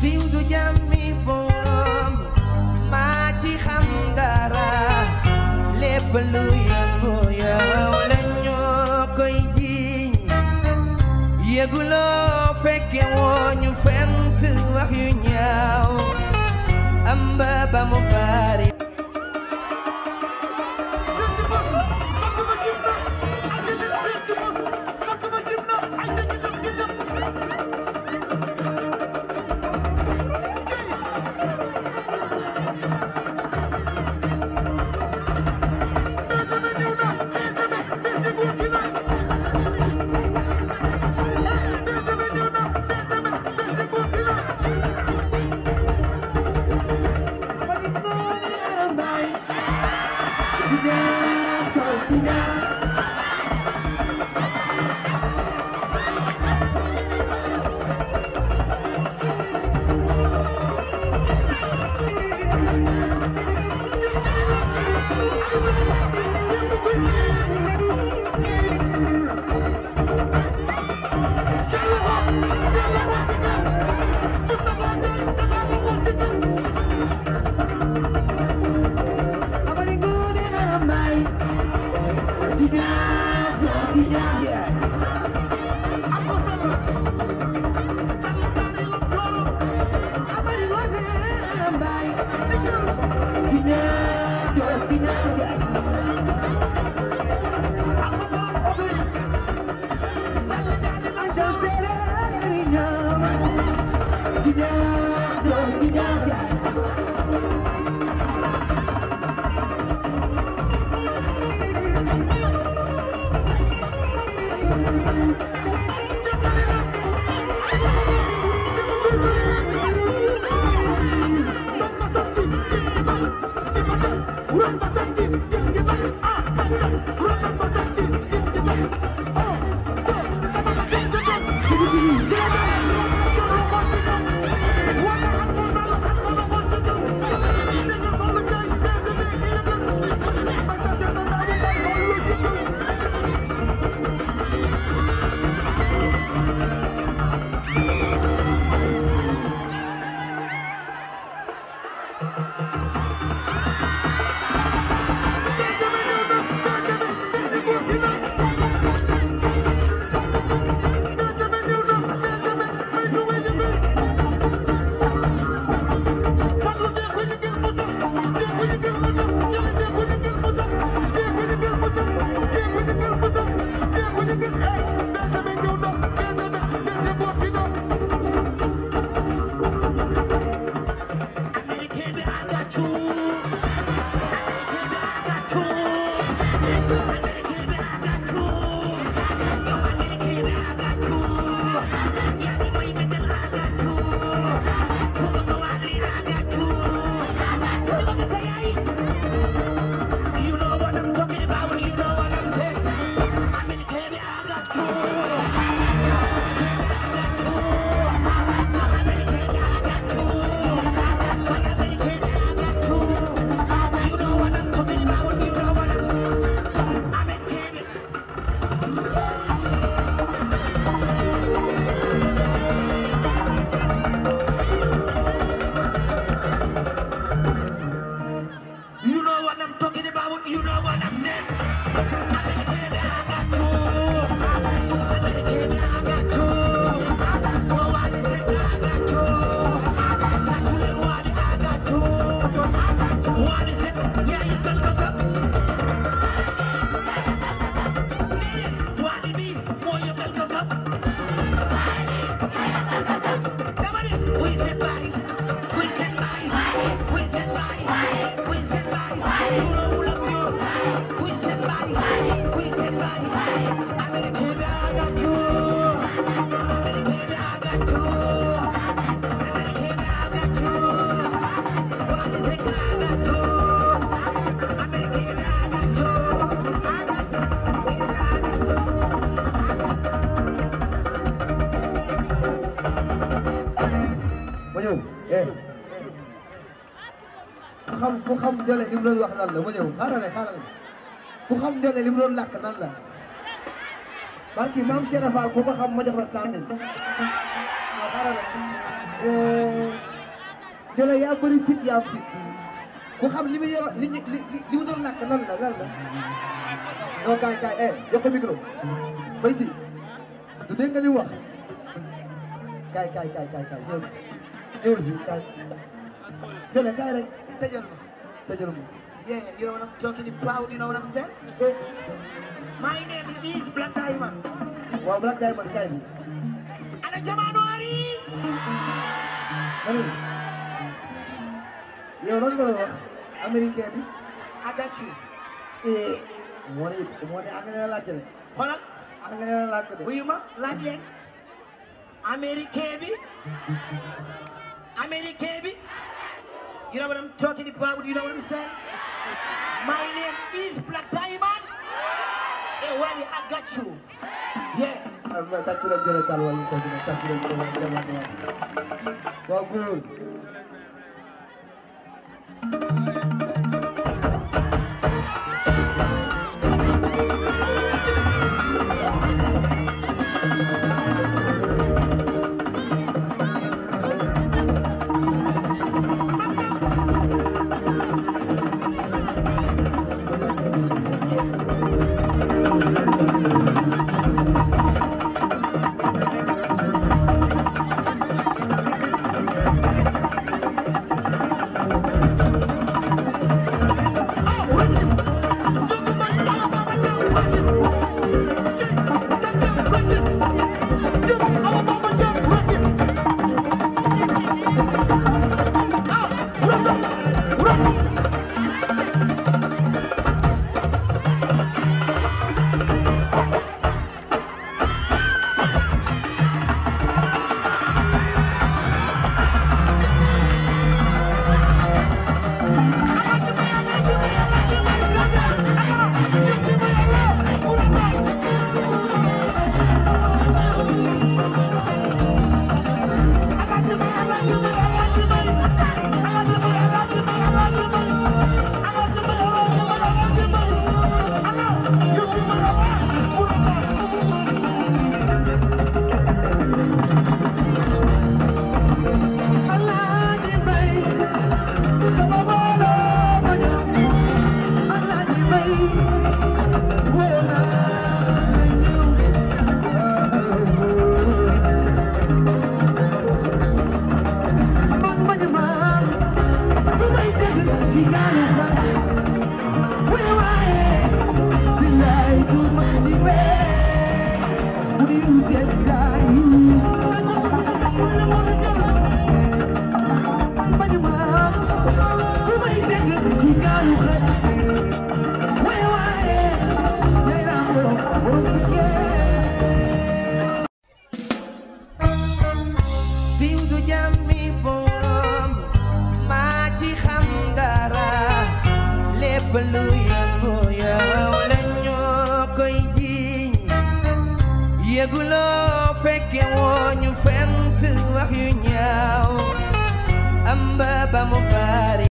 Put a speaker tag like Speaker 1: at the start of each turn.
Speaker 1: See you do jam me, boy. everybody. xam ku xam Ndiolé li mu doon wax nan la xam Ndiolé li doon làkk nan la barki maam Cheikh Fall ku ko xam ma jox la euh, yaa bëri fit yaa am ku xam li mu yoro li li mu doon làkk nan la lan la non kaay kaay eh du dégg nga wax kaay kaay kaay kaay kaay ñëw ñëwul Tejal ma. Tejal ma. Yeah, you know what I'm talking about, you know what I'm saying? Yeah. My name is Black Diamond. Wow, Black Diamond, kay. Ana jamano ari. Ani. Yow lan nga wax I got you. Eh, moo ne moo ne ak nga la laajte. Xoolal. Ak nga la laajte. Wuyu ma laaj leen. Américain bi. Américain bi. You know what I'm talking about? You know what I'm saying? My name is Black Diamond. Hey, well, I got you. Yeah. I'm I'm Well, good.